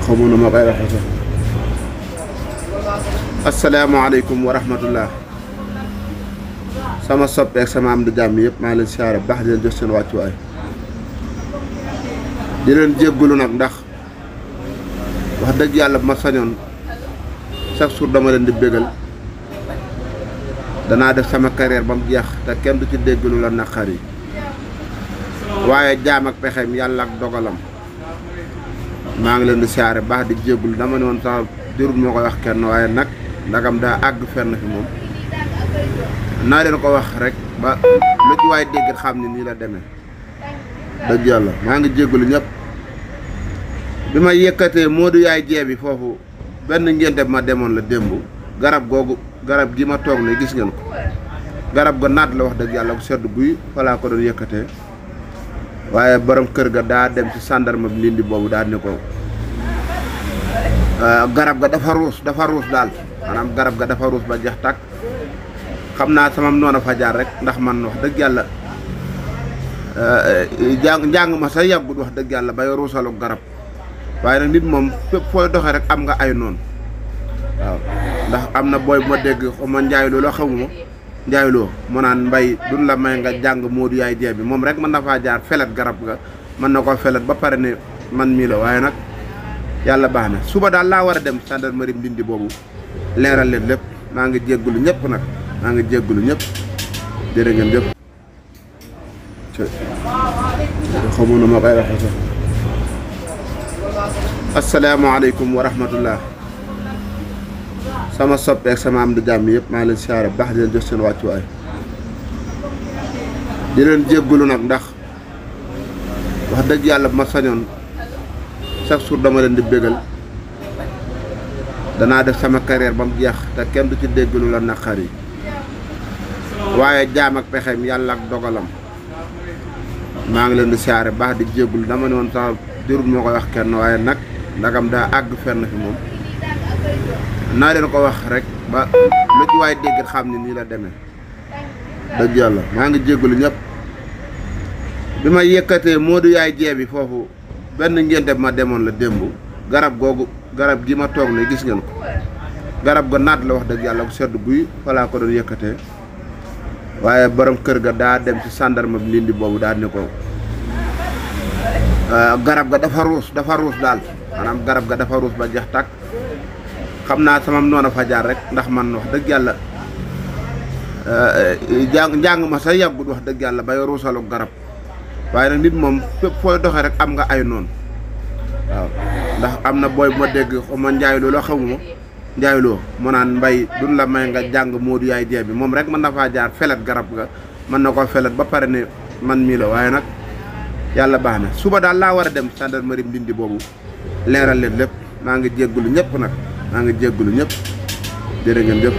يخمون ما غير حسن السلام عليكم ورحمة الله سما صب يا سما عم دجام يب ما لين سيارة بحد الجسن وقت واي دين جيب قلنا نخ وهذا جي على مصانيون سب سودا ما لين دبجل دنا هذا سما كارير بام جيخ تكيم دكتي دجلنا نخاري waye jam ak pexem yalla ak dogalam maa ngi leen di siyaare baax di jégul dama ne woon sax jërul ma koy wax kenn waaye nag ndagam daa àgg fenn fi moom naa leen ko wax rek ba lu ci waay dégg xam ni nii la demee dëgg yàlla maa ngi jégul ñëpp bi ma yëkkatee moo du yaay jeebi foofu benn ngénte ma demoon la démb garab googu garab gi ma toog ne gis ngeen ko garab ga naat la wax dëgg yàlla bu sedd guy falaa ko doon yëkkatee waye borom keur ga da dem ci sàndarma bi lindi bobu da ne ko euh, garab ga dafa rous dafa rous dal manam garab ga dafa rous ba jeex tak xamna sama noonu fa jaar rek ndax man wax dëgg yàlla euh, euh, jang jang ma sa yàggut wax deug yalla bay rousalu garab waye nak nit mom fepp fo doxé rek am nga ay non waaw ndax amna na mo deg xuma dégg lolu njaay lo, mu naan mbay duñ la may nga jang modou yaay jee bi mom rek man na faa jaar felat garab ga man nako felat ba pare ne man mi la waye nak yalla suba daal la wara dem gendarmerie bindi bobu leral leen lepp ma nga djeglu ñepp nak nyep, nga djeglu ñepp dere ngeen def wa rahmatullah sama sop ak sama am du jam yep ma len siara bax di leen sen waccu ay di len djeggulu nak ndax wax deug yalla ma sañon chaque jour dama len di begal dana def sama carrière bam jeex ta kenn du ci deggulu la nakari waye jam ak pexem yalla ak dogalam ma ngi len di siara bax di jéggalu dama non sa dirul jërul wax kenn waye nak ndagam da ag fenn fi mom naa leen ko wax rek ba lu ci waay dégg xam ne nii la demee dëgg yàlla maa ngi jégalu ñëpp bi ma yëkkatee Modou yaay jeebi foofu benn ngénte ma demon la dembu garab gogu garab gi ma toog ne gis ngeen ko garab ga naat la wax dëgg yàlla bu sedd guy falaa ko doon yëkkatee waaye borom kër ga da dem ci ma bi lindi bawu da ne ko ah, garab ga dafa ruus dafa ruus dal anam garab ga dafa farus ba jeex tak xamna naa sama noon fa jaar rek ndax man wax dëgg yàlla eh, eh, Jang jang ma sa yàggut wax deug yalla bay yoru garab waaye nag nit mom fepp fo doxé rek am nga ay non waaw ndax am na booy bu ma dégg lo lo la xamuma lo mo nan mbay dun la may nga jang modou yaay bi mom rek man na faa jaar felat garab ga man nako felat, ba paré né man mi la waaye nak yalla suba da la war dem gendarmerie bindi bobu leral leen lepp ma nga jéggulu ñepp nak maa ngi jéggulu ñëpp jërë ngeen